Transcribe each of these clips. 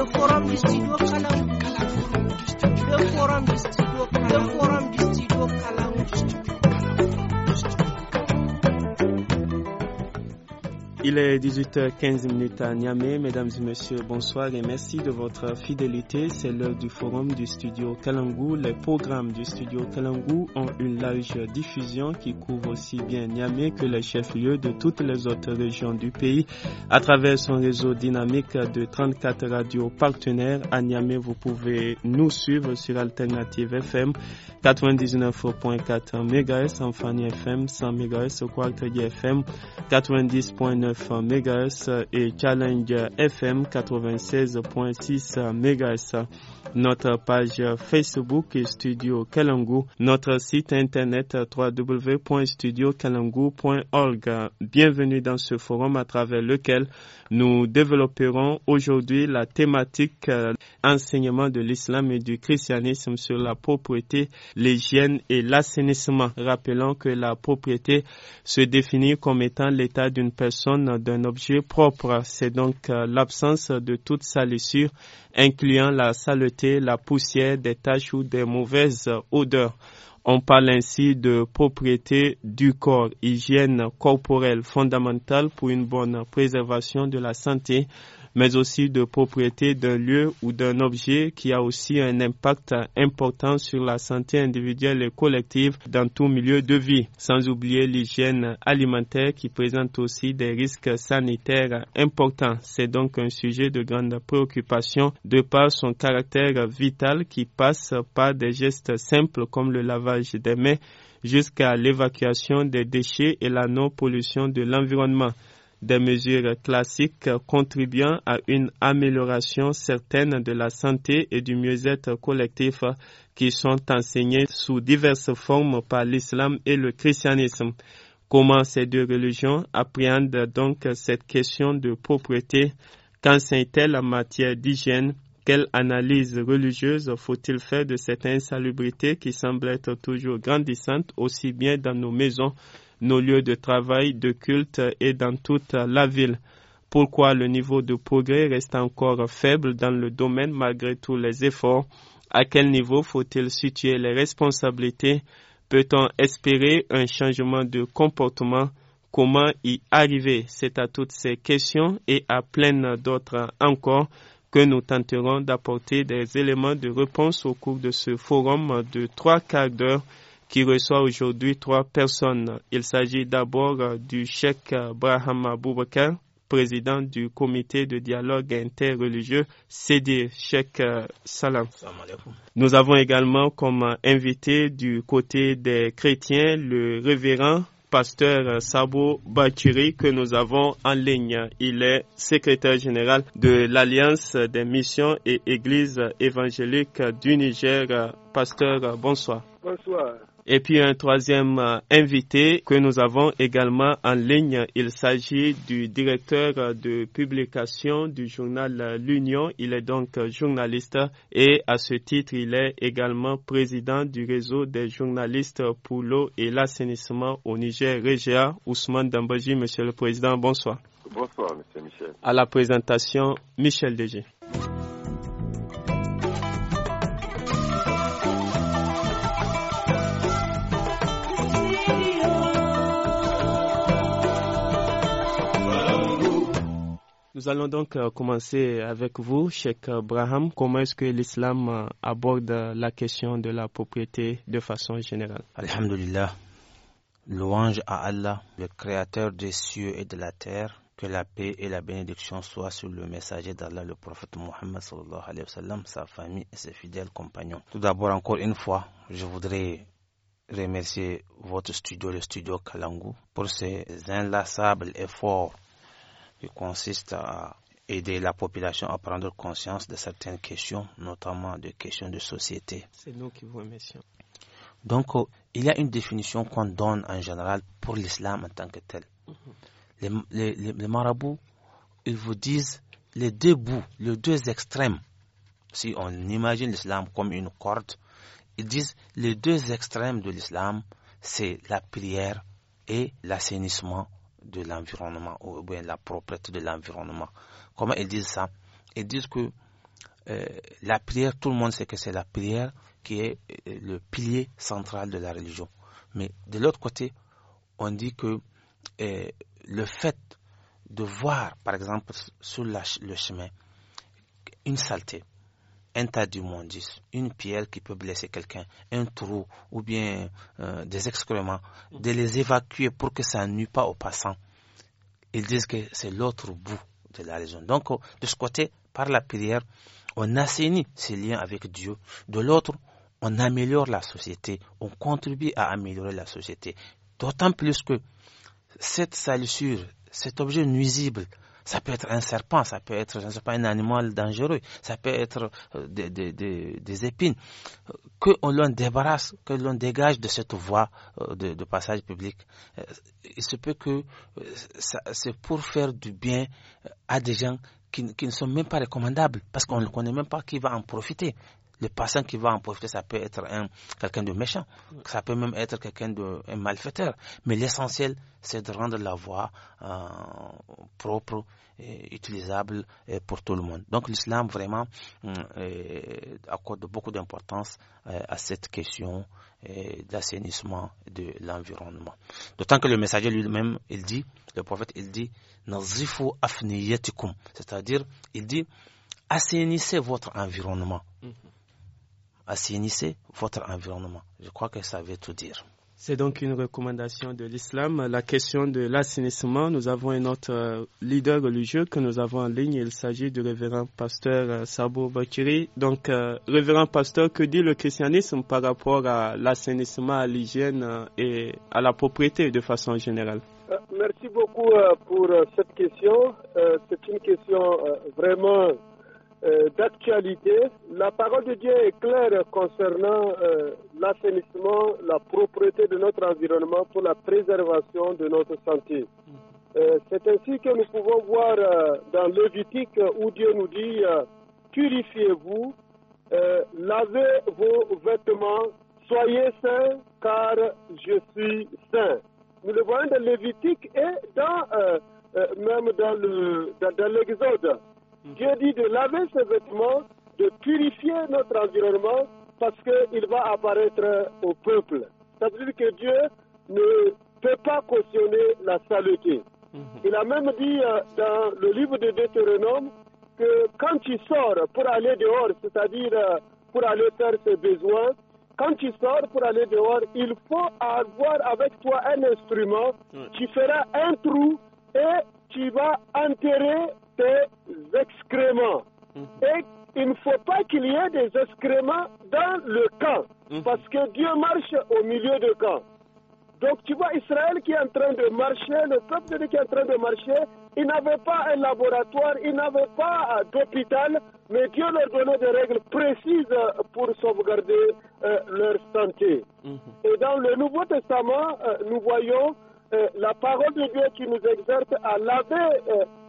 The forum is to do color. The forum is Il est 18h15 à Niamey. Mesdames et messieurs, bonsoir et merci de votre fidélité. C'est l'heure du forum du studio Kalangou. Les programmes du studio Kalangou ont une large diffusion qui couvre aussi bien Niamey que les chefs-lieux de toutes les autres régions du pays. À travers son réseau dynamique de 34 radios partenaires à Niamey, vous pouvez nous suivre sur Alternative FM 99.4 MHz, FM 100 MHz, Quartier FM 90.9 102.9 MHz et Challenge FM 96.6 MHz. Notre page Facebook est Studio Kalangu, notre site internet www.studiokalangu.org. Bienvenue dans ce forum à travers lequel nous développerons aujourd'hui la thématique euh, enseignement de l'islam et du christianisme sur la propriété, l'hygiène et l'assainissement. Rappelons que la propriété se définit comme étant l'état d'une personne, d'un objet propre. C'est donc euh, l'absence de toute salissure, incluant la saleté, la poussière, des taches ou des mauvaises odeurs. On parle ainsi de propriété du corps, hygiène corporelle fondamentale pour une bonne préservation de la santé mais aussi de propriété d'un lieu ou d'un objet qui a aussi un impact important sur la santé individuelle et collective dans tout milieu de vie, sans oublier l'hygiène alimentaire qui présente aussi des risques sanitaires importants. C'est donc un sujet de grande préoccupation de par son caractère vital qui passe par des gestes simples comme le lavage des mains jusqu'à l'évacuation des déchets et la non-pollution de l'environnement des mesures classiques contribuant à une amélioration certaine de la santé et du mieux-être collectif qui sont enseignées sous diverses formes par l'islam et le christianisme. Comment ces deux religions appréhendent donc cette question de propreté Qu'enseigne-t-elle en matière d'hygiène Quelle analyse religieuse faut-il faire de cette insalubrité qui semble être toujours grandissante aussi bien dans nos maisons nos lieux de travail, de culte et dans toute la ville. Pourquoi le niveau de progrès reste encore faible dans le domaine malgré tous les efforts À quel niveau faut-il situer les responsabilités Peut-on espérer un changement de comportement Comment y arriver C'est à toutes ces questions et à plein d'autres encore que nous tenterons d'apporter des éléments de réponse au cours de ce forum de trois quarts d'heure qui reçoit aujourd'hui trois personnes. Il s'agit d'abord du cheikh brahama Boubacar, président du comité de dialogue interreligieux CD Cheikh Salam. Nous avons également comme invité du côté des chrétiens le révérend pasteur Sabo Bakiri que nous avons en ligne. Il est secrétaire général de l'Alliance des missions et églises évangéliques du Niger. Pasteur, bonsoir. Bonsoir et puis un troisième euh, invité que nous avons également en ligne. Il s'agit du directeur euh, de publication du journal euh, L'Union. Il est donc journaliste et à ce titre, il est également président du réseau des journalistes pour l'eau et l'assainissement au Niger, Régia. Ousmane Dambaji, monsieur le président, bonsoir. Bonsoir, monsieur Michel. À la présentation, Michel Degé. Nous allons donc euh, commencer avec vous, Sheikh Braham. Comment est-ce que l'islam euh, aborde euh, la question de la propriété de façon générale Alhamdulillah. Louange à Allah, le créateur des cieux et de la terre. Que la paix et la bénédiction soient sur le messager d'Allah, le prophète Mohammed, sa famille et ses fidèles compagnons. Tout d'abord, encore une fois, je voudrais remercier votre studio, le studio Kalangu, pour ses inlassables efforts qui consiste à aider la population à prendre conscience de certaines questions, notamment des questions de société. C'est nous qui vous remercions. Donc, euh, il y a une définition qu'on donne en général pour l'islam en tant que tel. Mhm. les, les, marabouts, ils vous disent les deux bouts, les deux extrêmes. Si on imagine l'islam comme une corde, ils disent les deux extrêmes de l'islam, c'est la prière et l'assainissement de l'environnement ou bien la propreté de l'environnement. Comment ils disent ça Ils disent que euh, la prière, tout le monde sait que c'est la prière qui est euh, le pilier central de la religion. Mais de l'autre côté, on dit que euh, le fait de voir, par exemple, sur le chemin, une saleté, un tas d'immondices, une pierre qui peut blesser quelqu'un, un trou ou bien euh, des excréments, de les évacuer pour que ça nuit pas aux passants. Ils disent que c'est l'autre bout de la raison. Donc, euh, de ce côté, par la prière, on assainit ses liens avec Dieu. De l'autre, on améliore la société, on contribue à améliorer la société. D'autant plus que cette salissure, cet objet nuisible ça peut être un serpent, ça peut être je sais pas, un animal dangereux, ça peut être euh, des, épines. Que l'on débarrasse, que l'on dégage de cette voie euh, de, passage public. Euh, il se peut que c'est pour faire du bien à des gens qui, qui ne sont même pas recommandables, parce qu'on ne connaît même pas qui va en profiter le patient qui va en profiter, ça peut être quelqu'un de méchant, ça peut même être quelqu'un de malfaiteur. Mais l'essentiel, c'est de rendre la voie euh, propre et utilisable euh, pour tout le monde. Donc l'islam vraiment euh, accorde beaucoup d'importance à cette question d'assainissement de l'environnement. D'autant que le messager lui-même, il dit, le prophète, il dit, Nazifu afniyatikum, c'est-à-dire, il dit, assainissez votre environnement. Mm-hmm assainissez votre environnement. Je crois que ça veut tout dire. C'est donc une recommandation de l'islam. La question de l'assainissement, nous avons un autre euh, leader religieux que nous avons en ligne. Il s'agit du révérend pasteur euh, Sabo Bakiri. Donc, euh, révérend pasteur, que dit le christianisme par rapport à l'assainissement, à l'hygiène et à la propriété de façon générale Merci beaucoup pour cette question. C'est une question vraiment euh, d'actualité. La parole de Dieu est claire concernant euh, l'assainissement, la propreté de notre environnement pour la préservation de notre santé. Euh, c'est ainsi que nous pouvons voir dans Lévitique où Dieu nous dit Purifiez-vous, lavez vos vêtements, soyez saints car je suis saint. Nous le voyons dans Lévitique et dans, même dans l'Exode. dans, Dieu dit de laver ses vêtements, de purifier notre environnement parce qu'il va apparaître au peuple. cest à dire que Dieu ne peut pas cautionner la saleté. Mhm. Il a même dit euh, dans le livre de Deutéronome que quand tu sors pour aller dehors, c'est-à-dire euh, pour aller faire ses besoins, quand tu sors pour aller dehors, il faut avoir avec toi un instrument. Tu fera un trou et tu vas enterrer des excréments. Mhm. Et il ne faut pas qu'il y ait des excréments dans le camp, mhm. parce que Dieu marche au milieu du camp. Donc tu vois Israël qui est en train de marcher, le peuple de Dieu qui est en train de marcher, il n'avait pas un laboratoire, il n'avait pas euh, d'hôpital, mais Dieu leur donnait des règles précises euh, pour sauvegarder euh, leur santé. Mhm. Et dans le Nouveau Testament, nous voyons la parole de Dieu qui nous exerce à laver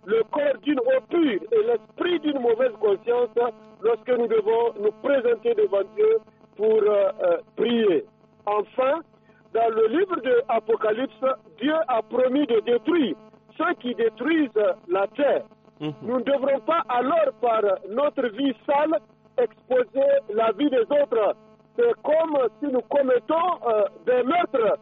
le corps d'une haute et l'esprit d'une mauvaise conscience lorsque nous devons nous présenter devant Dieu pour euh, euh, prier. Enfin, dans le livre de Apocalypse, Dieu a promis de détruire ceux qui détruisent la terre. Mhm. Nous ne devrons pas alors par notre vie sale exposer la vie des autres. C'est comme si nous commettons euh, des meurtres,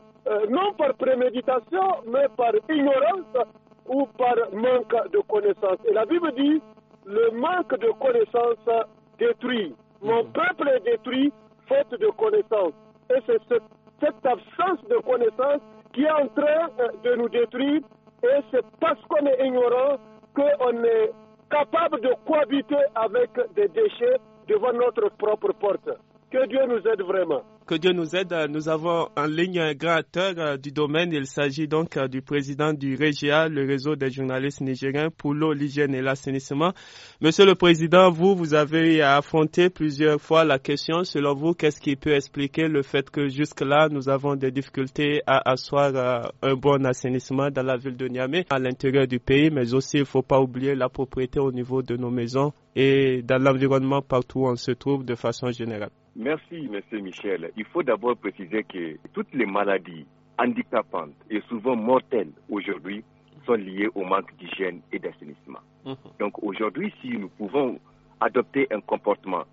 non par préméditation, mais par ignorance ou par manque de connaissances. Et la Bible dit, le manque de connaissances détruit. Mon mm. peuple est détruit faute de connaissances. Et c'est cette absence de connaissances qui est en train euh, de nous détruire. Et c'est parce qu'on est ignorant qu'on est capable de cohabiter avec des déchets devant notre propre porte. Que Dieu nous aide vraiment que Dieu nous aide. Nous avons en ligne un grand acteur euh, du domaine. Il s'agit donc euh, du président du REGIA, le réseau des journalistes nigériens pour l'eau, l'hygiène et l'assainissement. Monsieur le président, vous, vous avez affronté plusieurs fois la question. Selon vous, qu'est-ce qui peut expliquer le fait que jusque-là, nous avons des difficultés à asseoir euh, un bon assainissement dans la ville de Niamey, à l'intérieur du pays, mais aussi, il ne faut pas oublier la propriété au niveau de nos maisons et dans l'environnement partout où on se trouve de façon générale. Merci, Monsieur Michel. Il faut d'abord préciser que toutes les maladies handicapantes et souvent mortelles aujourd'hui sont liées au manque d'hygiène et d'assainissement. Mhm. Donc aujourd'hui, si nous pouvons adopter un comportement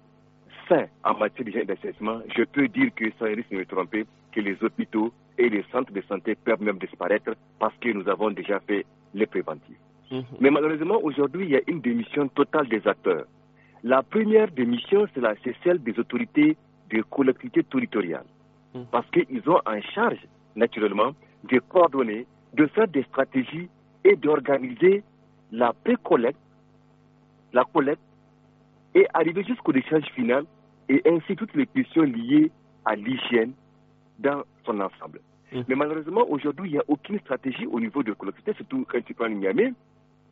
sain en matière d'hygiène et d'assainissement, je peux dire que sans risque de me tromper, que les hôpitaux et les centres de santé peuvent même disparaître parce que nous avons déjà fait les préventifs. Mhm. Mais malheureusement, aujourd'hui, il y a une démission totale des acteurs la première des missions, c'est celle des autorités de collectivité territoriale. Hmm. parce qu'ils ont en charge, naturellement, de coordonner, de faire des stratégies et d'organiser la pré-collecte, la collecte, et arriver jusqu'au décharge final, et ainsi toutes les questions liées à l'hygiène dans son ensemble. Hmm. Mais malheureusement, aujourd'hui, il n'y a aucune stratégie au niveau de collectivité, surtout quand tu prends Niamey.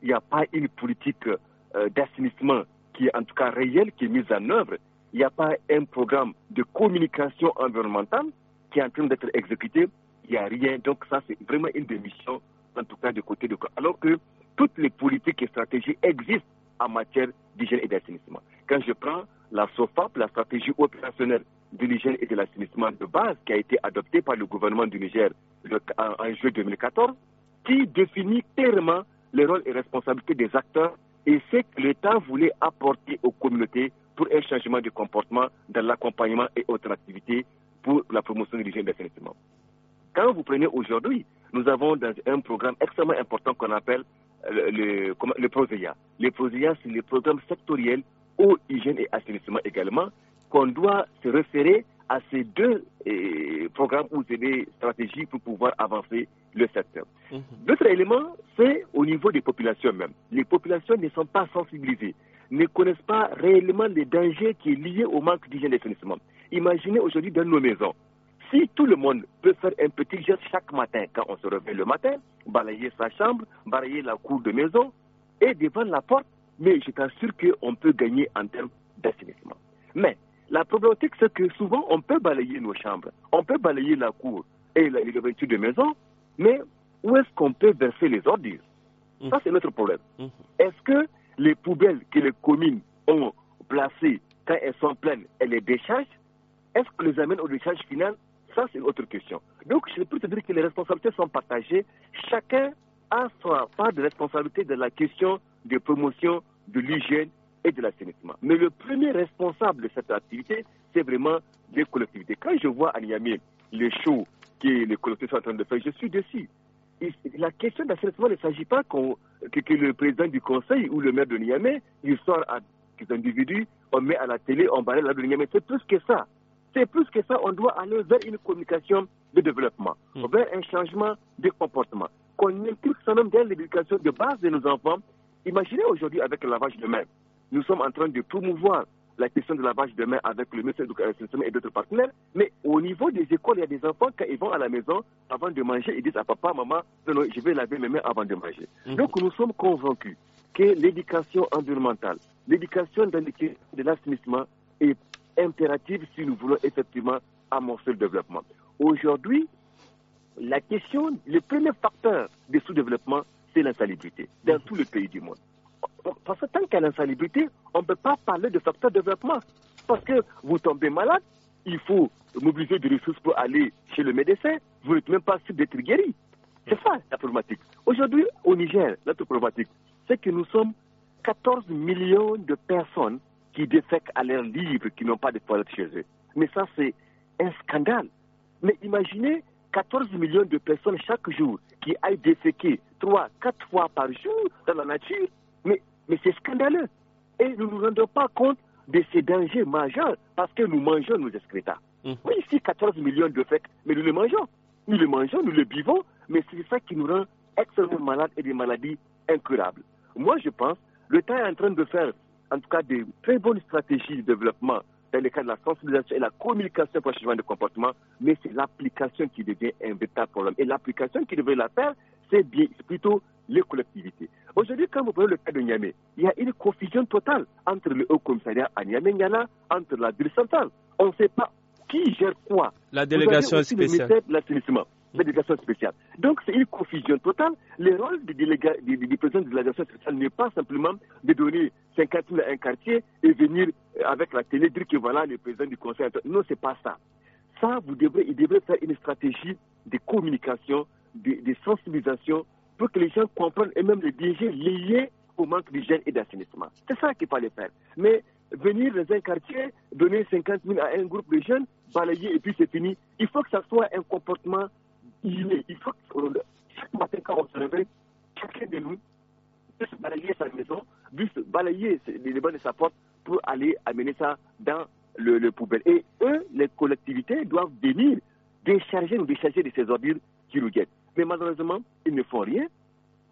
Il n'y a pas une politique euh, d'assainissement qui est en tout cas réelle, qui est mise en œuvre. Il n'y a pas un programme de communication environnementale qui est en train d'être exécuté. Il n'y a rien. Donc ça, c'est vraiment une démission, en tout cas, de côté de... Alors que toutes les politiques et stratégies existent en matière d'hygiène et d'assainissement. Quand je prends la SOFAP, la stratégie opérationnelle de l'hygiène et de l'assainissement de base qui a été adoptée par le gouvernement du Niger en, en, juillet 2014, qui définit clairement les rôles et responsabilités des acteurs et ce que l'État voulait apporter aux communautés pour un changement de comportement dans l'accompagnement et autres activités pour la promotion de l'hygiène et d'assainissement. Quand vous prenez aujourd'hui, nous avons dans un programme extrêmement important qu'on appelle euh, le, le, le PROSEIA. c'est le programme sectoriel au hygiène et assainissement également, qu'on doit se référer à ces deux eh, programmes ou ces stratégies pour pouvoir avancer le secteur. Mhm. L'autre élément, c'est au niveau des populations même. Les populations ne sont pas sensibilisées, ne connaissent pas réellement les dangers qui sont liés au manque d'hygiène de d'assainissement. Imaginez aujourd'hui dans nos maisons, si tout le monde peut faire un petit geste chaque matin quand on se réveille le matin, balayer sa chambre, balayer la cour de maison et devant la porte, mais je t'assure qu'on peut gagner en termes d'assainissement. Mais la problématique, c'est que souvent, on peut balayer nos chambres, on peut balayer la cour et la de maison, mais où est-ce qu'on peut verser les ordures mmh. Ça, c'est notre problème. Mmh. Est-ce que les poubelles que les communes ont placées, quand elles sont pleines, elles les déchargent Est-ce que les amène au décharge final Ça, c'est une autre question. Donc, je peux te dire que les responsabilités sont partagées. Chacun a sa part de responsabilité de la question de promotion de l'hygiène et de l'assainissement. Mais le premier responsable de cette activité, c'est vraiment les collectivités. Quand je vois à Niamey les shows que les collectivités sont en train de faire, je suis déçu. la question d'assainissement ne s'agit pas que, le président du conseil ou le maire de Niamey, il sort à des individus, on met à la télé, on balaye la de Niamey. C'est plus que ça. C'est plus que ça, on doit aller vers une communication de développement, hmm. vers un changement de comportement. Qu'on implique ça même dans l'éducation de base de nos enfants. Imaginez aujourd'hui avec la lavage de mains nous sommes en train de promouvoir la question de la vache de mains avec le ministère de et d'autres partenaires. Mais au niveau des écoles, il y a des enfants, qui vont à la maison, avant de manger, ils disent à papa, maman, je vais laver mes mains avant de manger. Mhm. Donc nous sommes convaincus que l'éducation environnementale, l'éducation de l'assainissement est impérative si nous voulons effectivement amorcer le développement. Aujourd'hui, la question, le premier facteur de sous-développement, c'est l'insalubrité dans mhm. tous les pays du monde. Parce que tant qu'elle a l'insalubrité, on ne peut pas parler de facteur de développement. Parce que vous tombez malade, il faut mobiliser des ressources pour aller chez le médecin. Vous n'êtes même pas sûr d'être guéri. C'est ça la problématique. Aujourd'hui, au Niger, notre problématique, c'est que nous sommes 14 millions de personnes qui défèquent à l'air libre, qui n'ont pas de toilettes chez eux. Mais ça, c'est un scandale. Mais imaginez 14 millions de personnes chaque jour qui aillent déféquer 3, 4 fois par jour dans la nature. Mais mais c'est scandaleux. Et nous ne nous rendons pas compte de ces dangers majeurs parce que nous mangeons nos excrétas. Hum. Oui, ici, 14 millions de fêtes, mais nous les mangeons. Nous les mangeons, nous les buvons, mais c'est ça qui nous rend extrêmement malades et des maladies incurables. Moi, je pense, le temps est en train de faire, en tout cas, des très bonnes stratégies de développement dans le cadre de la sensibilisation et la communication pour le changement de comportement, mais c'est l'application qui devient un véritable problème. Et l'application qui devrait la faire, c'est plutôt les collectivités. Aujourd'hui, quand vous prenez le cas de Niamey, il y a une confusion totale entre le Haut Commissariat à niamey niana entre la ville centrale. On ne sait pas qui gère quoi. La délégation spéciale. La délégation spéciale. Donc, c'est une confusion totale. Le rôle du, président de la délégation spéciale n'est pas simplement de donner 50 000 à un quartier et venir euh, avec la télé dire que voilà le président du conseil. Non, ce n'est pas ça. Ça, vous devrez, il devrait faire une stratégie de communication, de sensibilisation pour que les gens comprennent et même les diriger liés au manque d'hygiène et d'assainissement. C'est ça qu'il fallait faire. Mais venir dans un quartier, donner 50 000 à un groupe de jeunes, balayer et puis c'est fini, il faut que ça soit un comportement inné. Il faut que chaque matin quand on se réveille, chacun de nous puisse balayer sa maison, puisse balayer les bancs de sa porte pour aller amener ça dans le, poubelle. Et eux, les collectivités doivent venir décharger ou décharger de ces ordures qui nous guettent. Mais malheureusement, ils ne font rien.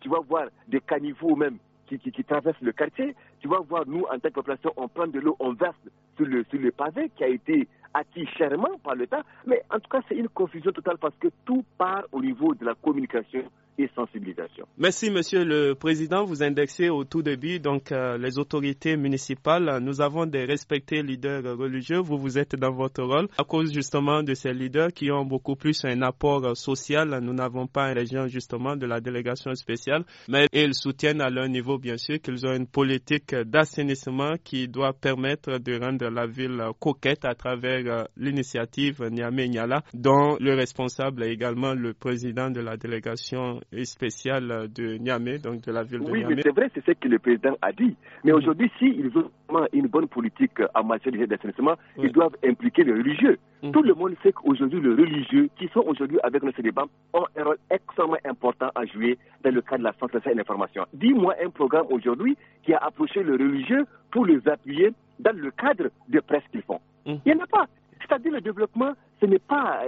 Tu vas voir des caniveaux même qui, traversent le quartier. Tu vas voir, nous, en tant que population, on prend de l'eau, on verse sur le, sur le pavé qui a été acquis chèrement par l'État. Mais en tout cas, c'est une confusion totale parce que tout part au niveau de la communication et sensibilisation. Merci, Monsieur le Président. Vous indexez au tout début donc euh, les autorités municipales. Nous avons des respectés leaders religieux. Vous vous êtes dans votre rôle à cause justement de ces leaders qui ont beaucoup plus un apport euh, social. Nous n'avons pas un région justement de la délégation spéciale, mais ils soutiennent à leur niveau bien sûr qu'ils ont une politique d'assainissement qui doit permettre de rendre la ville euh, coquette à travers l'initiative Niamey dont le responsable est également le président de la délégation spécial de Niamey, donc de la ville de oui, Niamey. Oui, c'est vrai, c'est ce que le président a dit. Mais mhm. aujourd'hui, s'ils veulent vraiment une bonne politique en matière d'assainissement, ils doivent impliquer les religieux. Mhm. Tout le monde sait qu'aujourd'hui, les religieux qui sont aujourd'hui avec nos débat ont un rôle extrêmement important à jouer dans le cadre de la sensibilisation, et l'information. Dis-moi un programme aujourd'hui qui a approché les religieux pour les appuyer dans le cadre de presse qu'ils font. Mhm. Il n'y en a pas. C'est-à-dire le développement, ce n'est pas,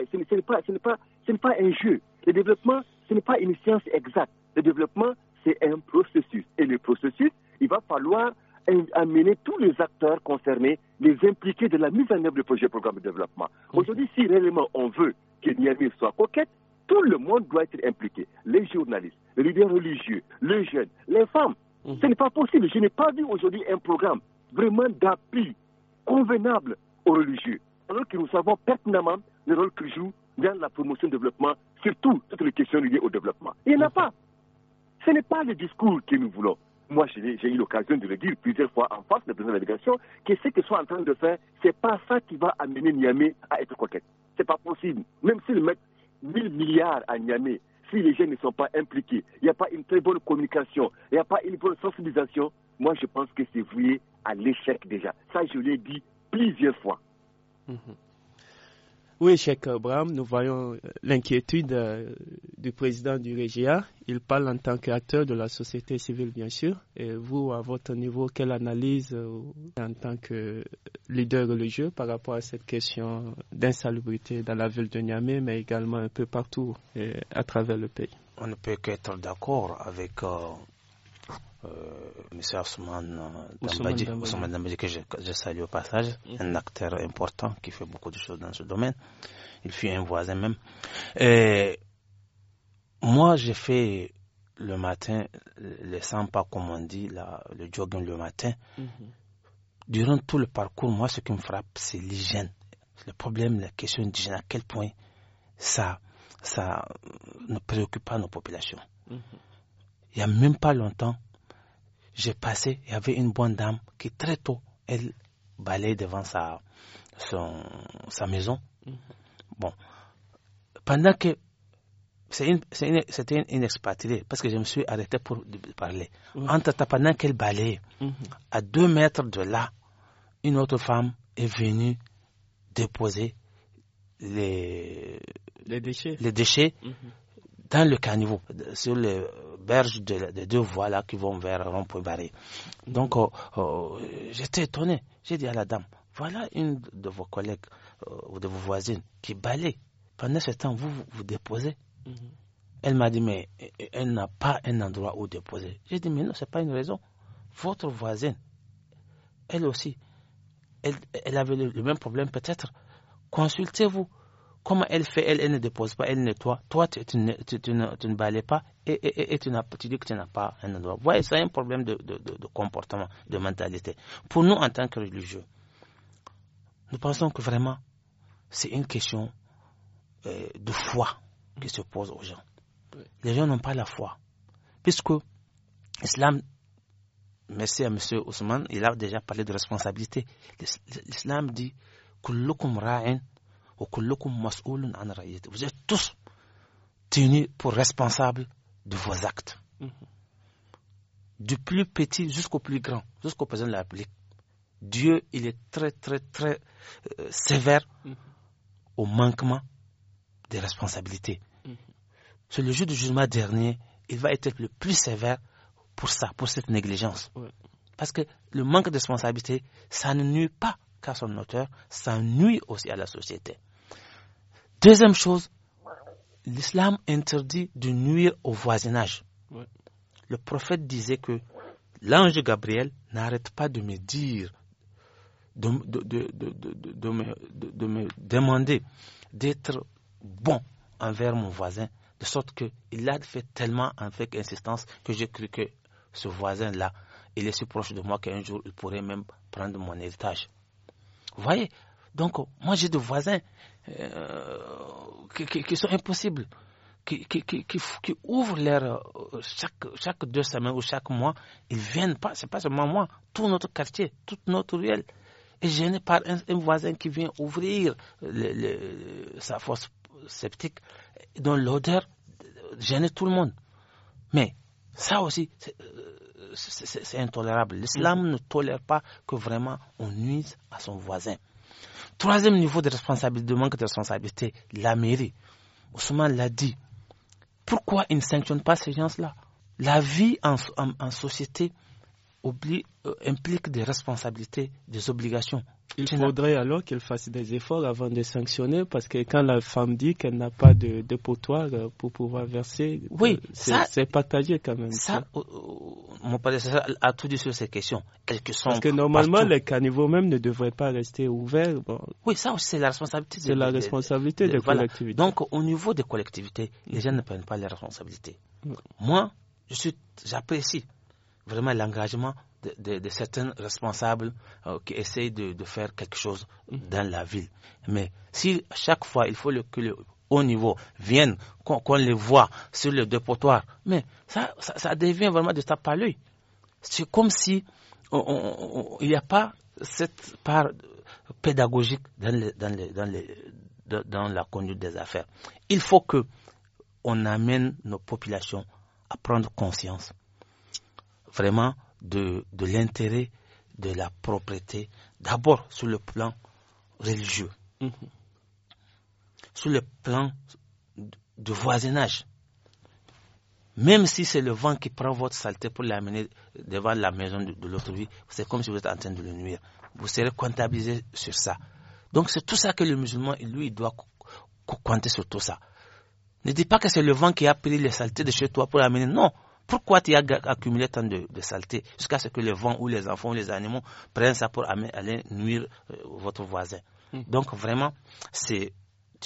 pas, pas, ce n'est pas un jeu. Le développement, ce n'est pas une science exacte. Le développement, c'est un processus. Et le processus, il va falloir amener tous les acteurs concernés, les impliquer de la mise en œuvre du projet programme de développement. Mhm. Aujourd'hui, si réellement on veut que Niamey soit coquette, tout le monde doit être impliqué. Les journalistes, les leaders religieux, les jeunes, les femmes. Mhm. Ce n'est pas possible. Je n'ai pas vu aujourd'hui un programme vraiment d'appui convenable aux religieux. Alors que nous savons pertinemment le rôle que jouent dans la promotion du développement, surtout toutes les questions liées au développement. Il n'y en a pas. Ce n'est pas le discours que nous voulons. Moi, j'ai eu l'occasion de le dire plusieurs fois en face la présidente de la délégation, que ce qu'ils sont en train de faire, ce n'est pas ça qui va amener Niamey à être coquette. Ce n'est pas possible. Même s'ils mettent 1000 milliards à Niamey, si les gens ne sont pas impliqués, il n'y a pas une très bonne communication, il n'y a pas une bonne sensibilisation, moi, je pense que c'est voué à l'échec déjà. Ça, je l'ai dit plusieurs fois. Mhm. Oui, Cheikh Abraham, nous voyons euh, l'inquiétude euh, du président du Régia. Il parle en tant qu'acteur de la société civile, bien sûr. Et vous, à votre niveau, quelle analyse euh, en tant que leader religieux par rapport à cette question d'insalubrité dans la ville de Niamey, mais également un peu partout à travers le pays On ne peut qu'être d'accord avec euh, M. Ousmane Dambadji, que je, salue au passage, mhm. un acteur important qui fait beaucoup de choses dans ce domaine. Il fut un voisin même. moi, j'ai fait le matin, les 100 pas, comme on dit, le jogging le matin. Mhm. Durant tout le parcours, moi, ce qui me frappe, c'est l'hygiène. Le problème, la question d'hygiène, à quel point ça, ça ne préoccupe pas nos populations. Mhm. Il n'y a même pas longtemps, j'ai passé, il y avait une bonne dame qui très tôt, elle balayait devant sa, son, sa maison. Mm-hmm. Bon, pendant que c'était une, une, expatriée, parce que je me suis arrêté pour parler. Mm-hmm. Entre-temps pendant qu'elle balayait, mm-hmm. à deux mètres de là, une autre femme est venue déposer les, les déchets, les déchets dans le caniveau, sur le berge de, deux voies là qui vont vers rond Barré. Donc, oh, oh, j'étais étonné. J'ai dit à la dame, voilà une de vos collègues euh, ou de vos voisines qui balait Pendant ce temps, vous vous, déposez. Mm-hmm. Elle m'a dit, mais elle n'a pas un endroit où déposer. J'ai dit, mais non, ce n'est pas une raison. Votre voisine, elle aussi, elle, avait le même problème peut-être. Consultez-vous. Comment elle fait elle, ne dépose pas, elle nettoie. Toi, tu, tu, ne, balais pas et, tu, dis que tu n'as pas un endroit. Vous c'est un problème de, comportement, de mentalité. Pour nous, en tant que religieux, nous pensons que vraiment, c'est une question euh, de foi qui se pose aux gens. Les gens n'ont pas la foi. Puisque l'islam merci à M. Ousmane, il a déjà parlé de responsabilité. L'islam dit que ra'in vous êtes tous tenus pour responsables de vos actes. Du plus petit jusqu'au plus grand, jusqu'au président de la République. Dieu, il est très, très, très euh, sévère au manquement des responsabilités. c'est Sur le jour du jugement dernier, il va être le plus sévère pour ça, pour cette négligence. Parce que le manque de responsabilité, ça ne nuit pas à son auteur, s'ennuie aussi à la société. Deuxième chose, l'islam interdit de nuire au voisinage. Le prophète disait que l'ange Gabriel n'arrête pas de me dire, de, de, me, de me demander d'être bon envers mon voisin, de sorte qu'il l'a fait tellement avec insistance que j'ai cru que ce voisin-là, il est si proche de moi qu'un jour il pourrait même prendre mon héritage. Vous voyez Donc, moi, j'ai des voisins euh, qui, sont impossibles, qui, qui ouvrent leur. Euh, chaque, chaque, deux semaines ou chaque mois, ils viennent pas, c'est pas seulement moi, tout notre quartier, toute notre ruelle est je par un, un, voisin qui vient ouvrir le, sa fosse sceptique. dont l'odeur gêne tout le monde. Mais ça aussi, c'est intolérable. L'islam mm-hmm. ne tolère pas que vraiment on nuise à son voisin. Troisième niveau de responsabilité, de manque de responsabilité, la mairie. Ousmane l'a dit. Pourquoi il ne sanctionne pas ces gens-là La vie en, en société, euh, implique des responsabilités, des obligations. Il faudrait alors qu'il fasse des efforts avant de sanctionner, parce que quand la femme dit qu'elle n'a pas de, de potoir euh, pour pouvoir verser, euh, oui, c'est partagé quand même. Ça, ça. mon père a tout dit sur ces questions. Elles que sont parce que normalement, les caniveaux même ne devraient pas rester ouverts. Oui, ça aussi, c'est la responsabilité. C'est la responsabilité des collectivités. Donc, au niveau des collectivités, les gens ne prennent pas les responsabilités. Moi, je suis, j'apprécie vraiment l'engagement de, certains responsables euh, qui essayent de, faire quelque chose mhm. dans la ville. Mais si à chaque fois il faut que le haut niveau vienne, qu'on les voit sur le dépotoir, mais ça, devient vraiment de tape à l'œil. C'est comme si il n'y a pas cette part pédagogique dans, dans, la conduite des affaires. Il faut que on amène nos populations à prendre conscience vraiment de, de l'intérêt de la propriété, d'abord sur le plan religieux, mhm. sur le plan de voisinage. Même si c'est le vent qui prend votre saleté pour l'amener devant la maison de, l'autre vie, c'est comme si vous êtes en train de le nuire. Vous serez comptabilisé sur ça. Donc c'est tout ça que le musulman, lui, il doit compter sur tout ça. Ne dis pas que c'est le vent qui a pris les saletés de chez toi pour l'amener. Non, pourquoi tu as accumulé tant de, saleté jusqu'à ce que les vents ou les enfants ou les animaux prennent ça pour aller nuire euh, votre voisin hmm. Donc vraiment, c'est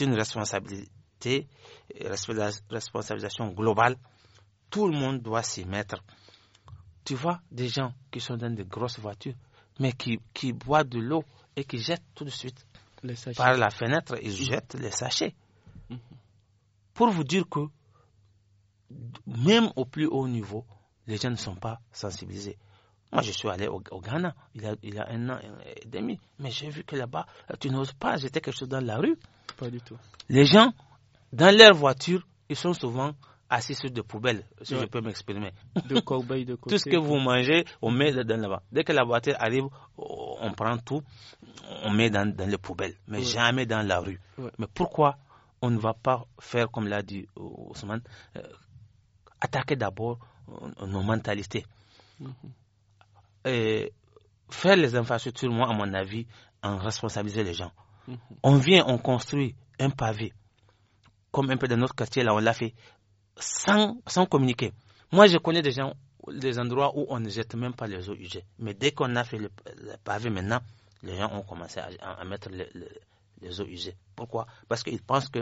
une responsabilité, euh, responsabilisation globale. Tout le monde doit s'y mettre. Tu vois des gens qui sont dans des grosses voitures, mais qui, qui boivent de l'eau et qui jettent tout de suite par la fenêtre, ils hmm. jettent les sachets. Hmm. Pour vous dire que même au plus haut niveau, les gens ne sont pas sensibilisés. Moi, je suis allé au, Ghana, il y a, un an et demi, mais j'ai vu que là-bas, tu n'oses pas jeter quelque chose dans la rue. Pas du tout. Les gens, dans leur voiture, ils sont souvent assis sur des poubelles, si je peux m'exprimer. De corbeilles de côté. tout ce que vous mangez, on met dans la bas Dès que la voiture arrive, on prend tout, on met dans, les poubelles, mais jamais dans la rue. Mais pourquoi on ne va pas faire, comme l'a dit euh, Ousmane, euh, attaquer d'abord euh, nos mentalités. Mhm. Et faire les infrastructures, moi, à mon avis, en responsabiliser les gens. Mhm. On vient, on construit un pavé, comme un peu dans notre quartier, là, on l'a fait, sans, sans communiquer. Moi, je connais des gens, des endroits où on ne jette même pas les eaux usées. Mais dès qu'on a fait le, pavé, maintenant, les gens ont commencé à, mettre les eaux usées. Pourquoi Parce qu'ils pensent que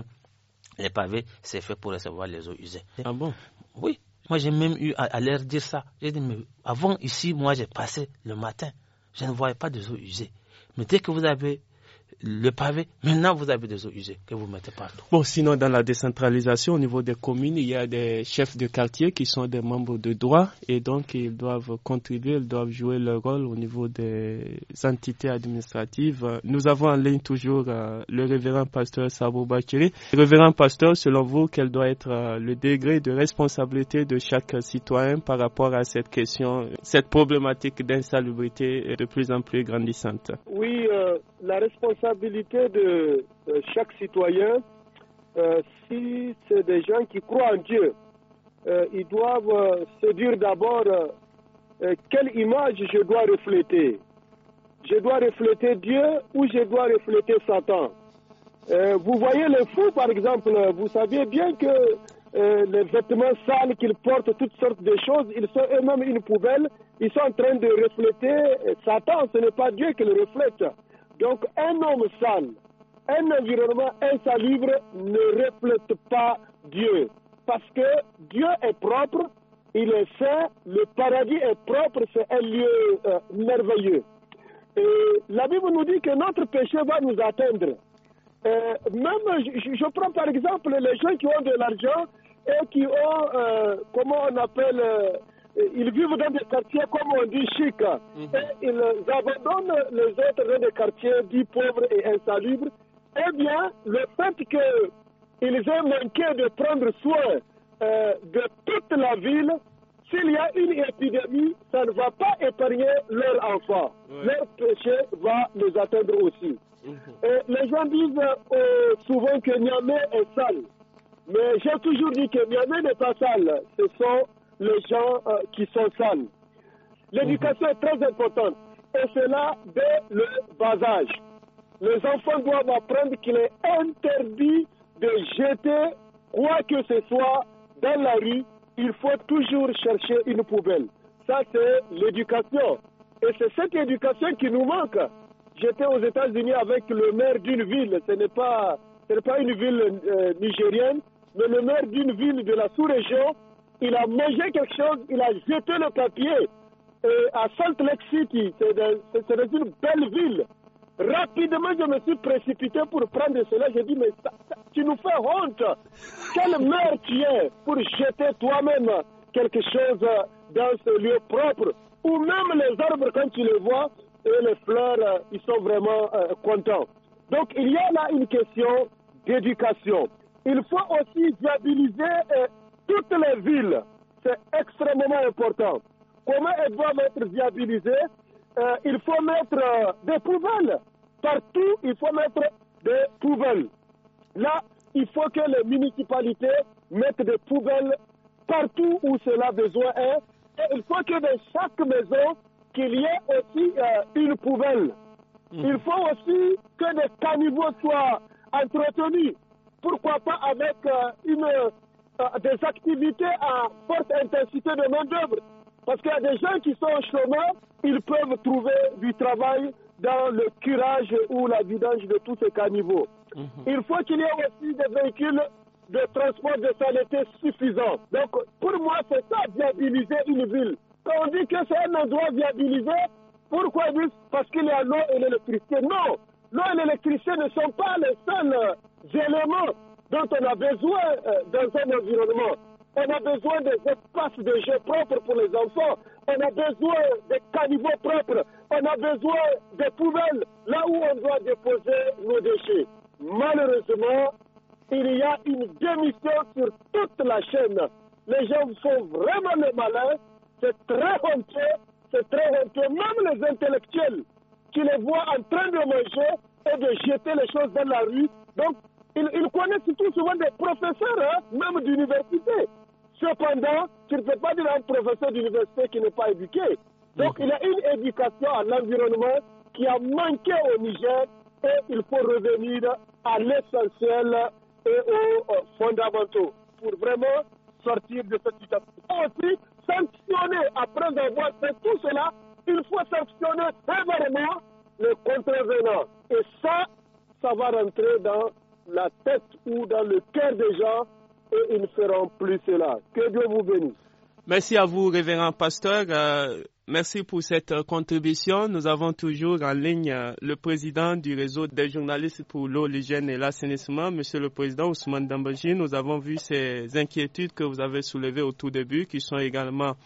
les pavés, c'est fait pour recevoir les eaux usées. Ah bon oui, moi j'ai même eu à, l'air de dire ça. J'ai dit, mais avant ici, moi j'ai passé le matin, je ne voyais pas de eaux usées. Mais dès que vous avez le pavé. Maintenant, vous avez des eaux usées que vous mettez partout. Bon, sinon, dans la décentralisation, au niveau des communes, il y a des chefs de quartier qui sont des membres de droit et donc ils doivent contribuer, ils doivent jouer leur rôle au niveau des entités administratives. Nous avons en ligne toujours euh, le révérend pasteur Sabo Bakiri. Révérend pasteur, selon vous, quel doit être euh, le degré de responsabilité de chaque citoyen par rapport à cette question, cette problématique d'insalubrité de plus en plus grandissante? Oui, euh, la responsabilité responsabilité de chaque citoyen, euh, si c'est des gens qui croient en Dieu, euh, ils doivent euh, se dire d'abord quelle image je dois refléter. Je dois refléter Dieu ou je dois refléter Satan. vous voyez les fous, par exemple, vous savez bien que les vêtements sales qu'ils portent, toutes sortes de choses. Ils sont eux-mêmes une poubelle. Ils sont en train de refléter Satan. Ce n'est pas Dieu qui le reflète. Donc un homme sale, un environnement insalubre ne reflète pas Dieu. Parce que Dieu est propre, il est saint, le paradis est propre, c'est un lieu euh, merveilleux. Et la Bible nous dit que notre péché va nous atteindre. Euh, même, je, prends par exemple les gens qui ont de l'argent et qui ont, euh, comment on appelle, eh, ils vivent dans des quartiers, comme on dit, chic. Mhm. Et eh, ils abandonnent les autres dans des quartiers dits pauvres et insalubres. Eh bien, le fait qu'ils aient manqué de prendre soin eh, de toute la ville, s'il y a une épidémie, ça ne va pas épargner leurs enfants. Leur péché va les atteindre aussi. Mhm. Et les gens disent souvent que Niamey est sale. Mais j'ai toujours dit que Niamey n'est pas sale. Ce sont les gens euh, qui sont sains. L'éducation est très importante et cela dès le bas âge. Les enfants doivent apprendre qu'il est interdit de jeter quoi que ce soit dans la rue. Il faut toujours chercher une poubelle. Ça, c'est l'éducation. Et c'est cette éducation qui nous manque. J'étais aux États-Unis avec le maire d'une ville. Ce n'est pas, pas une ville euh, nigérienne, mais le maire d'une ville de la sous-région il a mangé quelque chose, il a jeté le papier. Et euh, à Salt Lake City, c'est une belle ville. Rapidement, je me suis précipité pour prendre cela. J'ai dit, mais tu nous fais honte. Quelle mère tu es pour jeter toi-même quelque chose dans ce lieu propre Ou même les arbres, quand tu les vois, et les fleurs, ils sont vraiment euh, contents. Donc, il y a là une question d'éducation. Il faut aussi viabiliser euh, toutes les villes. C'est extrêmement important. Comment elles doivent être viabilisées euh, Il faut mettre euh, des poubelles. Partout, il faut mettre des poubelles. Là, il faut que les municipalités mettent des poubelles partout où cela besoin est. Et il faut que dans chaque maison, qu'il y ait aussi euh, une poubelle. Mmh. Il faut aussi que des caniveaux soient entretenus. Pourquoi pas avec une euh, des activités à forte intensité de main-d'œuvre. Parce qu'il y a des gens qui sont au chômage, ils peuvent trouver du travail dans le curage ou la vidange de tous ces caniveaux. Mhm. Il faut qu'il y ait aussi des véhicules de transport de saleté suffisants. Donc, pour moi, c'est ça, viabiliser une ville. Quand on dit que c'est un endroit viabilisé, pourquoi parce qu'il y a l'eau et l'électricité Non, l'eau et l'électricité ne sont pas les seuls euh, éléments dont on a besoin euh, dans un environnement. On a besoin des espaces de jeu propres pour les enfants. On a besoin des caniveaux propres. On a besoin des poubelles, là où on doit déposer nos déchets. Malheureusement, il y a une démission sur toute la chaîne. Les gens sont vraiment les malins. C'est très honteux. C'est très honteux. Même les intellectuels qui les voient en train de manger et de jeter les choses dans la rue. Donc, ils, connaissent tout souvent des professeurs, hein, même d'université. Cependant, tu ne peux pas dire un professeur d'université qui n'est pas éduqué. Donc mhm. il y a une éducation à l'environnement qui a manqué au Niger et il faut revenir à l'essentiel et aux fondamentaux pour vraiment sortir de cette situation. Aussi, sanctionner après avoir fait tout cela, il faut sanctionner sévèrement les contrevenants. Et ça, ça va rentrer dans la tête ou dans le cœur des gens et ils ne feront plus cela. Que Dieu vous bénisse. Merci à vous, révérend pasteur. Euh, merci pour cette euh, contribution. Nous avons toujours en ligne euh, le président du réseau des journalistes pour l'eau, l'hygiène et l'assainissement, Monsieur le Président Ousmane Dambaji. Nous avons vu ces inquiétudes que vous avez soulevées au tout début, qui sont également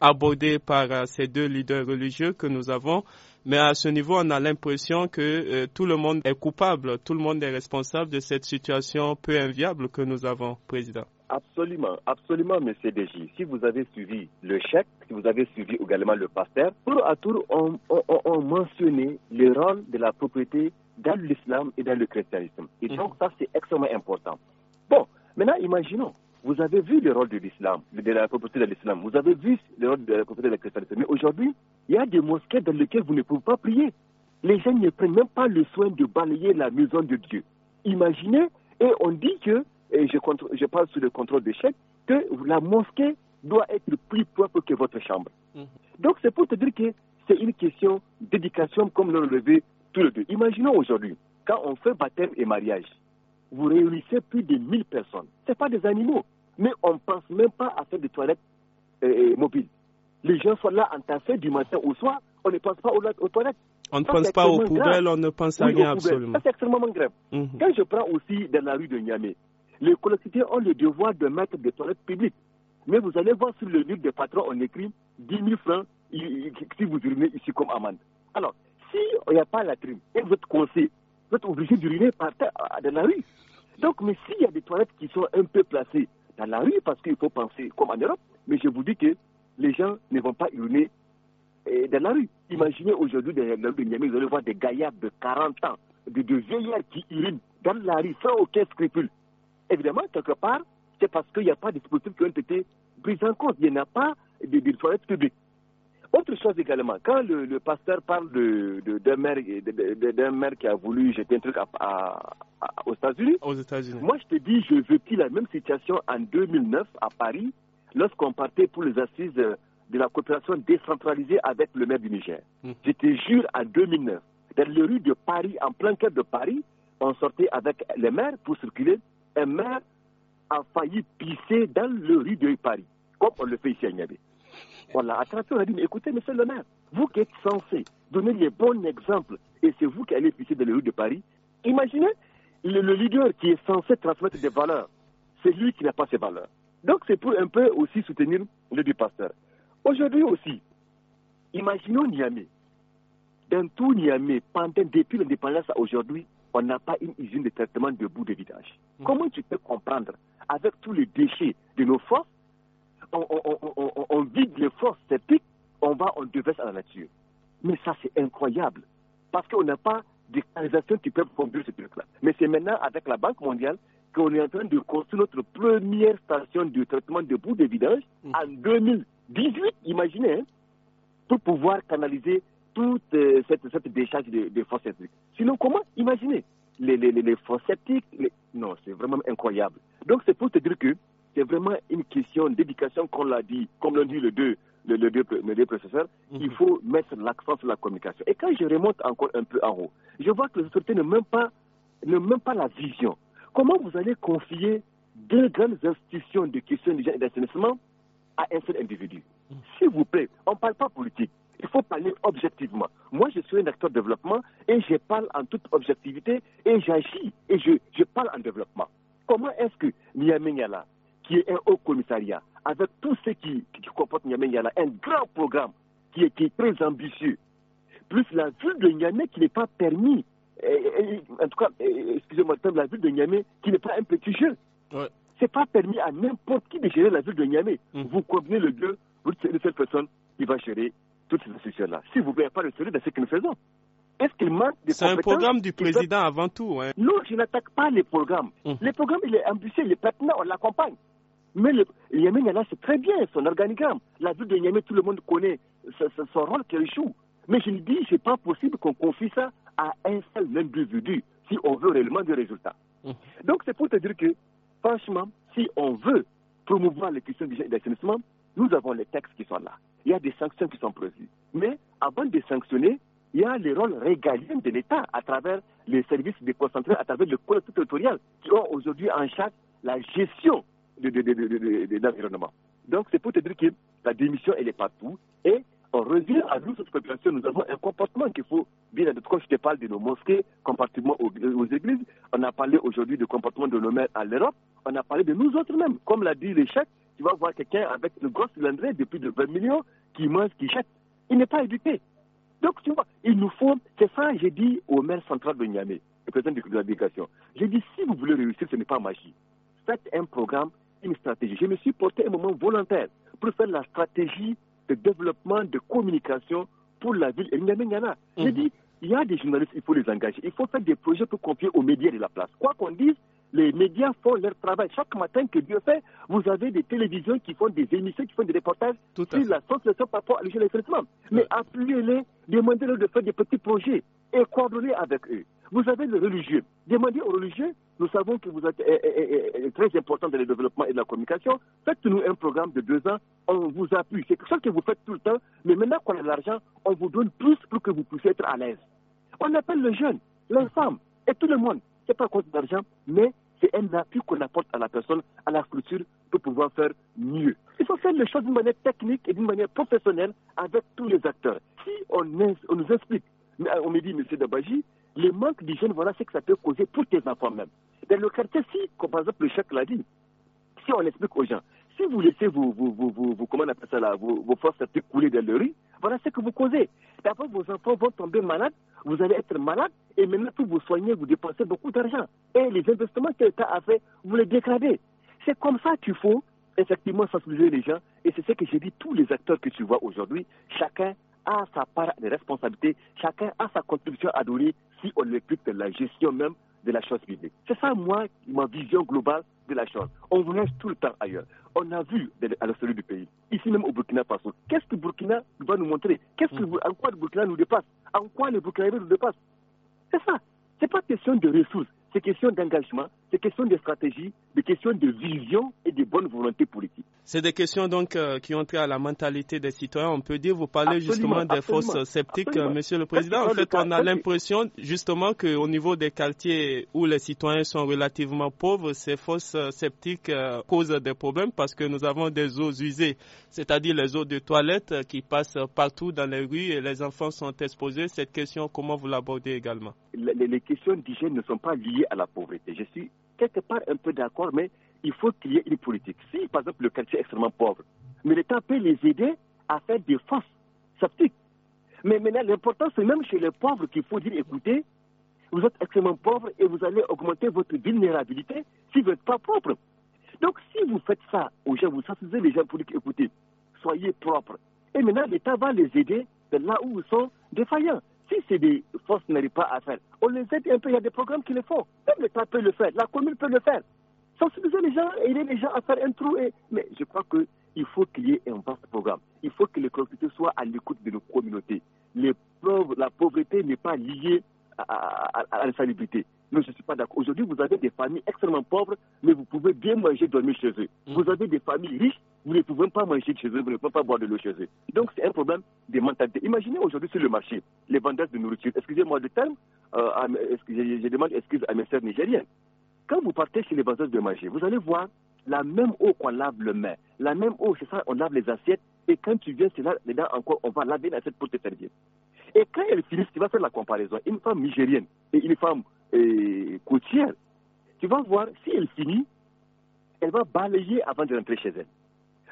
abordées par ces deux leaders religieux que nous avons. Mais à ce niveau, on a l'impression que euh, tout le monde est coupable, tout le monde est responsable de cette situation peu inviable que nous avons, Président. Absolument, absolument, M. Deji. Si vous avez suivi le chèque, si vous avez suivi également le pasteur, tour à tour, on, on, mentionné le rôle de la propriété dans l'islam et dans le christianisme. Et mm. donc, ça, c'est extrêmement important. Bon, maintenant, imaginons vous avez vu le rôle de l'islam, de la propriété de l'islam. Vous avez vu le rôle de la propriété de la chrétienté. Mais aujourd'hui, il y a des mosquées dans lesquelles vous ne pouvez pas prier. Les gens ne prennent même pas le soin de balayer la maison de Dieu. Imaginez, et on dit que, et je, parle sous le contrôle des chefs, que la mosquée doit être plus propre que votre chambre. Mhm. Donc c'est pour te dire que c'est une question d'éducation comme l'ont relevé tous les deux. Imaginons aujourd'hui, quand on fait baptême et mariage, vous réunissez plus de 1000 personnes. Ce pas des animaux, mais on ne pense même pas à faire des toilettes euh, euh, mobiles. Les gens sont là en entassés du matin au soir, on ne pense pas aux, toilettes. On ne pense pas aux poubelles, on ne pense à rien absolument. C'est extrêmement grave. Mhm. Quand je prends aussi dans la rue de Niamey, les collectivités ont le devoir de mettre des toilettes publiques. Mais vous allez voir sur le livre des patrons, on écrit 10 000 francs si vous urinez ici comme amende. Alors, s'il n'y a pas la trime, et votre conseil, vous êtes obligé d'uriner par terre, dans la rue. Donc, mais s'il y a des toilettes qui sont un peu placées dans la rue, parce qu'il faut penser comme en Europe, mais je vous dis que les gens ne vont pas uriner eh, dans la rue. Imaginez aujourd'hui, dans le Niamey, vous allez voir des gaillards de 40 ans, de, vieillards qui urinent dans la rue sans aucun scrupule. Évidemment, quelque part, c'est parce qu'il n'y a pas de dispositifs qui ont été pris en compte. Il n'y a pas de toilettes publiques. Autre chose également, quand le, pasteur parle d'un de, maire, de, maire, qui a voulu jeter un truc à, aux États-Unis, moi je te dis, je vécu la même situation en 2009 à Paris, lorsqu'on partait pour les assises de la coopération décentralisée avec le maire du Niger. Hum. J'étais jure, en 2009, dans les rues de Paris, en plein cœur de Paris, on sortait avec les maires pour circuler. Un maire a failli pisser dans le rue de Paris, comme on le fait ici à Niabé. Voilà, attention, on a dit, mais écoutez, monsieur le maire, vous qui êtes censé donner les bons exemples, et c'est vous qui allez ici dans les rues de Paris, imaginez le, leader qui est censé transmettre des valeurs, c'est lui qui n'a pas ces valeurs. Donc c'est pour un peu aussi soutenir le pasteur. Aujourd'hui aussi, imaginons Niamey. Dans tout Niamey, pendant, depuis l'indépendance à aujourd'hui, on n'a pas une usine de traitement de boue de vidage. Mmh. Comment tu peux comprendre, avec tous les déchets de nos forces, on, vide les forces sceptiques, on va, en déverse à la nature. Mais ça, c'est incroyable. Parce qu'on n'a pas des canalisations qui peuvent conduire ce truc-là. Mais c'est maintenant, avec la Banque mondiale, qu'on est en train de construire notre première station de traitement de boue de vidange mm. en 2018, imaginez, hein, pour pouvoir canaliser toute euh, cette, décharge des fosses forces Sinon, comment Imaginez, les, les, les, forces sceptiques, non, c'est vraiment incroyable. Donc, c'est pour te dire que c'est vraiment une question d'éducation qu'on l'a dit, comme l'ont dit les deux, deux, professeurs. Mhm. Il faut mettre l'accent sur la communication. Et quand je remonte encore un peu en haut, je vois que les autorités même pas, ne même pas la vision. Comment vous allez confier deux grandes institutions de questions de à un seul individu mhm. S'il vous plaît, on ne parle pas politique. Il faut parler objectivement. Moi, je suis un acteur de développement et je parle en toute objectivité et j'agis et je, parle en développement. Comment est-ce que Niamey qui est un haut commissariat, avec tout ce qui, qui comporte Niamey, il y a un grand programme qui est, qui est très ambitieux. Plus la ville de Niamey qui n'est pas permis, en tout cas, excusez-moi la ville de Niamey qui n'est pas un petit jeu. Ouais. C'est pas permis à n'importe qui de gérer la ville de Niamey. Mmh. Vous convenez le Dieu, vous êtes une seule personne qui va gérer toutes ces institutions-là. Si vous plaît, pas le sérieux de ce que nous faisons. Est-ce qu'il manque des C'est un programme du président avant tout. Non, je n'attaque pas les programmes. Mmh. Les programmes, il est ambitieux, il est pertinent, on l'accompagne. Mais le, Niamey c'est très bien son organigramme. La ville de Yémen, tout le monde connaît son rôle qu'elle joue. Mais je ne dis, c'est pas possible qu'on confie ça à un seul individu si on veut réellement des résultats. Mmh. Donc c'est pour te dire que, franchement, si on veut promouvoir les questions d'assainissement, nous avons les textes qui sont là. Il y a des sanctions qui sont prévues. Mais avant de sanctionner, il y a les rôles régaliens de l'État à travers les services déconcentrés, à travers le collectif territorial qui ont aujourd'hui en charge la gestion de, de, de, l'environnement. Donc c'est pour te dire que la démission, elle est tout. Et on revient à nous, cette population, nous avons un comportement qu'il faut bien être. Quand je te parle de nos mosquées, compartiment aux, églises, on a parlé aujourd'hui du comportement de nos maires à l'Europe, on a parlé de nous autres mêmes Comme l'a dit l'échec, tu vas voir quelqu'un avec le gros cylindrée de plus de 20 millions qui mange, qui jette. Il n'est pas éduqué. Donc, tu vois, il nous faut, c'est ça, j'ai dit au maire central de Niamey, le président de la j'ai dit, si vous voulez réussir, ce n'est pas magie. Faites un programme une stratégie. Je me suis porté un moment volontaire pour faire la stratégie de développement de communication pour la ville et mhm. il y a des journalistes, il faut les engager. Il faut faire des projets pour confier aux médias de la place. Quoi qu'on dise, les médias font leur travail. Chaque matin que Dieu fait, vous avez des télévisions qui font des émissions, qui font des reportages Tout sur la situation par rapport à l'échelle euh. Mais appuyez-les, demandez-leur de faire des petits projets et coordonnez avec eux. Vous avez les religieux. Demandez aux religieux nous savons que vous êtes très important dans le développement et la communication. Faites-nous un programme de deux ans, on vous appuie. C'est ça que vous faites tout le temps, mais maintenant qu'on a de l'argent, on vous donne plus pour que vous puissiez être à l'aise. On appelle le jeune, l'enfant et tout le monde. Ce n'est pas à cause d'argent, mais c'est un appui qu'on apporte à la personne, à la culture, pour pouvoir faire mieux. Il faut faire les choses d'une manière technique et d'une manière professionnelle avec tous les acteurs. Si on, nous explique, euh, on me dit, monsieur Dabaji, le manque d'hygiène, voilà ce que ça peut causer pour tes enfants même. Dans le quartier, si, comme par exemple le chef l'a dit, si on explique aux gens, si vous laissez vos, vous vous comment forces couler dans le riz, voilà ce que vous causez. D'abord, vos enfants vont tomber malades, vous allez être malades, et maintenant, pour vous soigner, vous dépensez beaucoup d'argent. Et les investissements que l'État a fait, vous les dégradez. C'est comme ça qu'il faut effectivement sensibiliser les gens. Et c'est ce que j'ai dit, tous les acteurs que tu vois aujourd'hui, chacun a sa part de responsabilité, chacun a sa contribution à donner si on explique la gestion même de la chose biblique. C'est ça, moi, ma vision globale de la chose. On voyage tout le temps ailleurs. On a vu à l'intérieur du pays, ici même au Burkina Faso, qu'est-ce que Burkina va nous montrer que, mm. En quoi le Burkina nous dépasse En quoi le Burkina nous dépasse C'est ça. Ce n'est pas question de ressources. C'est question d'engagement, c'est questions de stratégie, des questions de vision et de bonne volonté politique. C'est des questions donc euh, qui ont trait à la mentalité des citoyens. On peut dire, vous parlez justement des fausses sceptiques, euh, Monsieur le Président. En fait, on a l'impression justement qu'au niveau des quartiers où les citoyens sont relativement pauvres, ces forces euh, sceptiques causent des problèmes parce que nous avons des eaux usées, c'est-à-dire les eaux de toilette qui passent partout dans les rues et les enfants sont exposés. Cette question, comment vous l'abordez également les, les questions d'hygiène ne sont pas liées à la pauvreté. Je suis quelque part un peu d'accord, mais il faut qu'il y ait une politique. Si, par exemple, le quartier est extrêmement pauvre, mais l'État peut les aider à faire des forces sceptiques. Mais maintenant, l'important, c'est même chez les pauvres qu'il faut dire, écoutez, vous êtes extrêmement pauvre et vous allez augmenter votre vulnérabilité si vous n'êtes pas propre. Donc, si vous faites ça aux gens, vous sensibilisez les gens pour dire, écoutez, soyez propres. Et maintenant, l'État va les aider de là où ils sont défaillants. Si c'est des forces n'arrivent pas à faire, on les aide un peu. Il y a des programmes qui le font. Même l'État peut le faire, la commune peut le faire. Sensibiliser les gens, aider les gens à faire un trou. Mais je crois qu'il faut qu'il y ait un vaste programme. Il faut que les collectivités soient à l'écoute de nos communautés. la pauvreté n'est pas liée à, à, à l'insalubrité. Non, je ne suis pas d'accord. Aujourd'hui, vous avez des familles extrêmement pauvres, mais vous pouvez bien manger, dormir chez eux. Mmh. Vous avez des familles riches, vous ne pouvez pas manger chez eux, vous ne pouvez pas boire de l'eau chez eux. Donc, c'est un problème de mentalité. Imaginez aujourd'hui sur le marché, les vendeurs de nourriture. Excusez-moi le terme, euh, je, demande excuse à mes sœurs nigériennes. Quand vous partez chez les vendeurs de manger, vous allez voir la même eau qu'on lave le main, la même eau, c'est ça, on lave les assiettes, et quand tu viens, c'est là, les encore, on va laver l'assiette pour te servir. Et quand elle finit, tu vas faire la comparaison. Une femme nigérienne et une femme euh, côtière, tu vas voir, si elle finit, elle va balayer avant de rentrer chez elle.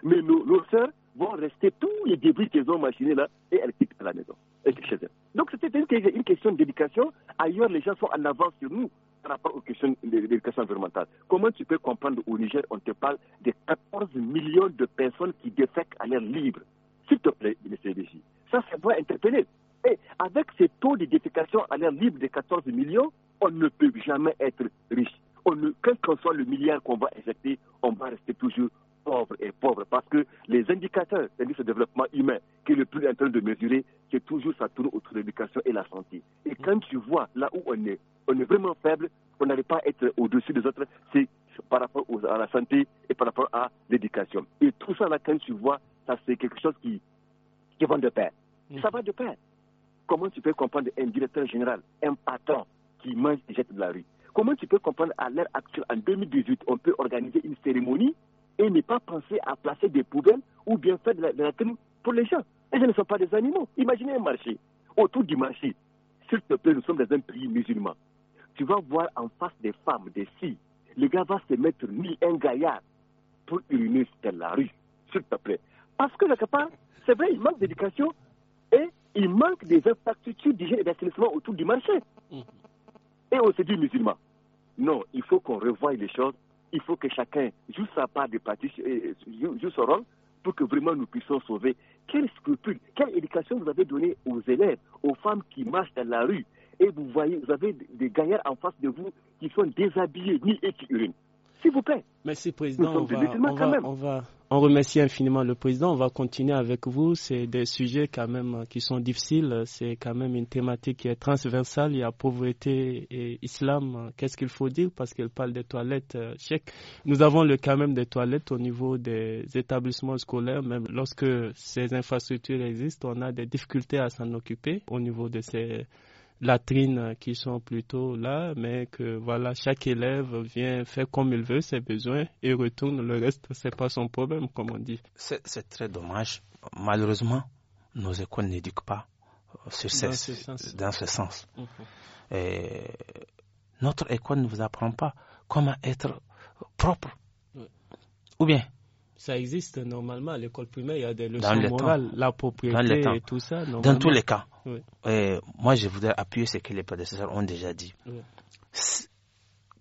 Mais nos, soeurs vont rester tous les débris qu'elles ont machinés là et elles quittent la maison, elles chez elles. Donc c'était une, question d'éducation. Ailleurs, les gens sont en avance sur nous par rapport aux questions d'éducation environnementale. Comment tu peux comprendre au Niger, on te parle de 14 millions de personnes qui défèquent à l'air libre S'il te plaît, M. Béji, ça, ça doit interpeller. Et avec ces taux d'éducation à l'air libre de 14 millions, on ne peut jamais être riche. On ne, quel que soit le milliard qu'on va injecter, on va rester toujours pauvre et pauvre parce que les indicateurs, c'est-à-dire ce développement humain qui est le plus en train de mesurer, c'est toujours ça tourne autour de l'éducation et la santé. Et mmh. quand tu vois là où on est, on est vraiment faible, on n'arrive pas à être au-dessus des autres, c'est par rapport à la santé et par rapport à l'éducation. Et tout ça là, quand tu vois, ça c'est quelque chose qui, qui va de pair. Mmh. Ça va de pair. Comment tu peux comprendre un directeur général, un patron qui mange et jette de la rue Comment tu peux comprendre à l'heure actuelle, en 2018, on peut organiser une cérémonie et ne pas penser à placer des poubelles ou bien faire de la, de pour les gens Et ce ne sont pas des animaux. Imaginez un marché. Autour du marché, s'il te plaît, nous sommes dans un pays musulman. Tu vas voir en face des femmes, des filles, le gars va se mettre ni un gaillard pour uriner sur la rue, s'il te plaît. Parce que, le part, c'est vrai, il manque d'éducation, il manque des infrastructures d'hygiène et d'assainissement autour du marché. Mhm. Et on se dit musulman. Non, il faut qu'on revoie les choses. Il faut que chacun joue sa part de partie, euh, joue son rôle pour que vraiment nous puissions sauver. Quelle scrupule, quelle éducation vous avez donnée aux élèves, aux femmes qui marchent dans la rue Et vous voyez, vous avez des gagnants en face de vous qui sont déshabillés, ni et qui urinent. S'il vous plaît. Merci, Président. on, on, remercie infiniment le Président. On va continuer avec vous. C'est des sujets quand même euh, qui sont difficiles. C'est quand même une thématique qui est transversale. Il y a pauvreté et islam. Qu'est-ce qu'il faut dire Parce qu'elle parle des toilettes euh, chèques. Nous avons le quand même des toilettes au niveau des établissements scolaires. Même lorsque ces infrastructures existent, on a des difficultés à s'en occuper au niveau de ces latrines qui sont plutôt là, mais que voilà, chaque élève vient faire comme il veut ses besoins et retourne. Le reste, c'est pas son problème, comme on dit. C'est très dommage. Malheureusement, nos écoles n'éduquent pas euh, dans, ce sens. Mhm. Et notre école ne vous apprend pas comment être propre. Ou bien Ça existe normalement à l'école primaire, il y a des leçons morales, la propriété et tout ça. Dans tous les cas. Euh, moi, je voudrais appuyer ce que les prédécesseurs ont déjà dit.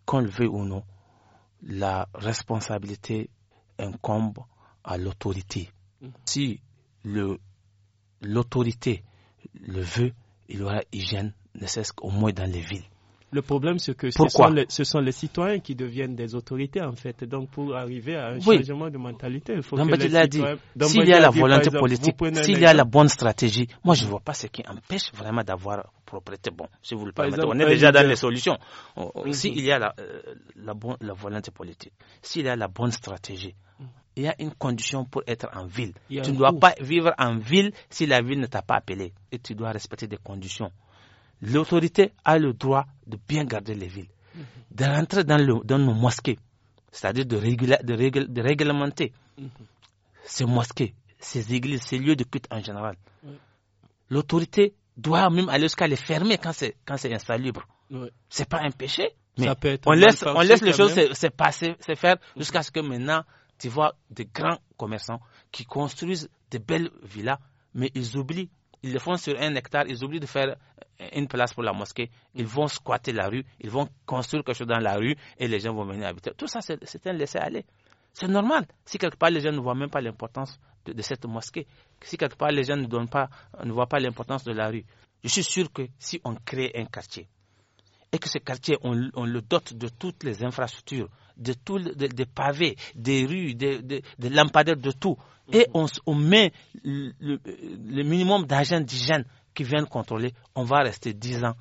Qu'on le veuille ou non, la responsabilité incombe à l'autorité. Mm. Si l'autorité le, veut, il y aura hygiène, ne ce qu'au moins dans les villes. Le problème, c'est que ce sont, les, citoyens qui deviennent des autorités, en fait. Donc, pour arriver à un changement de mentalité, il faut que les citoyens... s'il y a la volonté politique, s'il y a la bonne stratégie, moi, je ne vois pas ce qui empêche vraiment d'avoir propriété. Bon, si vous le permettez, on est déjà dans les solutions. S'il y a la, euh, la volonté politique, s'il y a la bonne stratégie, il y a une condition pour être en ville. Tu ne dois pas vivre en ville si la ville ne t'a pas appelé. Et tu dois respecter des conditions l'autorité a le droit de bien garder les villes, mhm. de rentrer dans, dans nos mosquées, c'est-à-dire de, de, réglementer mhm. ces mosquées, ces églises, ces lieux de culte en général. L'autorité doit même aller jusqu'à les fermer quand c'est, quand c'est insalubre. Ce C'est pas un péché, mais on, laisse, les choses se, se, passer, se faire mhm. jusqu'à ce que maintenant, tu vois, des grands commerçants qui construisent de belles villas, mais ils oublient ils le font sur un hectare, ils oublient de faire euh, une place pour la mosquée, ils vont squatter la rue, ils vont construire quelque chose dans la rue et les gens vont venir habiter. Tout ça, c'est un laisser-aller. C'est normal. Si quelque part les gens ne voient même pas l'importance de, cette mosquée, si quelque part les gens ne, donnent pas, ne voient pas l'importance de la rue, je suis sûr que si on crée un quartier et que ce quartier, on, le dote de toutes les infrastructures, de tous des pavés, des rues, des lampadaires, de tout. Et mhm. on, met le, le minimum d'agents d'hygiène qui viennent contrôler. On va rester 10 ans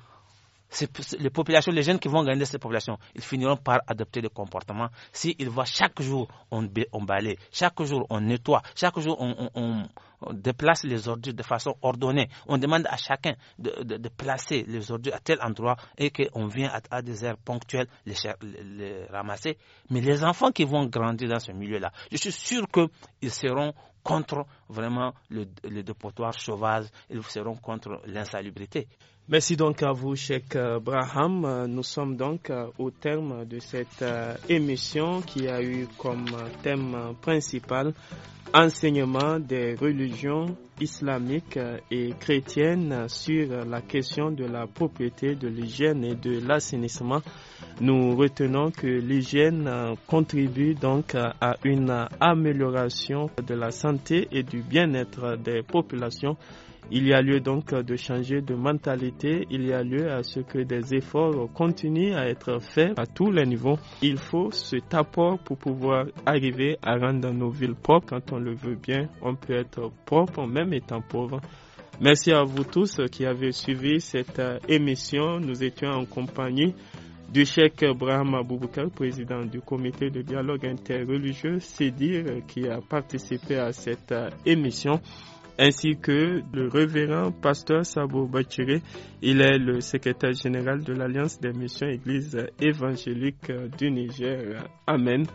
les populations, les jeunes qui vont gagner ces populations, ils finiront par adopter des comportements. S'ils voient chaque jour on, on balaye, chaque jour on nettoie, chaque jour on, on, déplace les ordures de façon ordonnée. On demande à chacun de, de, placer les ordures à tel endroit et qu'on vient à, des heures ponctuelles les, ramasser. Mais les enfants qui vont grandir dans ce milieu-là, je suis sûr qu'ils seront contre vraiment le, le dépotoir sauvage, ils seront contre l'insalubrité. Merci donc à vous, Cheikh euh, Braham. Euh, nous sommes donc euh, au terme de cette émission qui a eu comme thème principal enseignement des religions islamiques et chrétiennes sur la question de la propriété, de l'hygiène et de l'assainissement. Nous retenons que l'hygiène contribue donc à une amélioration de la santé et du bien-être des populations il y a lieu donc de changer de mentalité, il y a lieu à ce que des efforts continuent à être faits à tous les niveaux. Il faut cet apport pour pouvoir arriver à rendre nos villes propres quand on le veut bien. On peut être propre même étant pauvre. Merci à vous tous qui avez suivi cette euh, émission. Nous étions en compagnie du Cheikh Brahma Bouboukar, président du comité de dialogue interreligieux, CEDIR qui a participé à cette euh, émission ainsi que le révérend pasteur Sabo Bachiré. Il est le secrétaire général de l'Alliance des missions Églises évangéliques du Niger. Amen.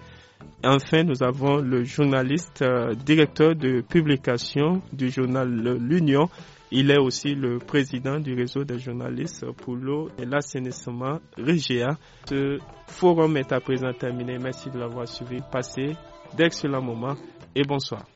Enfin, nous avons le journaliste euh, directeur de publication du journal L'Union. Il est aussi le président du réseau des journalistes pour l'eau et l'assainissement Régia. Ce forum est à présent terminé. Merci de l'avoir suivi. Passez d'excellents moments et bonsoir.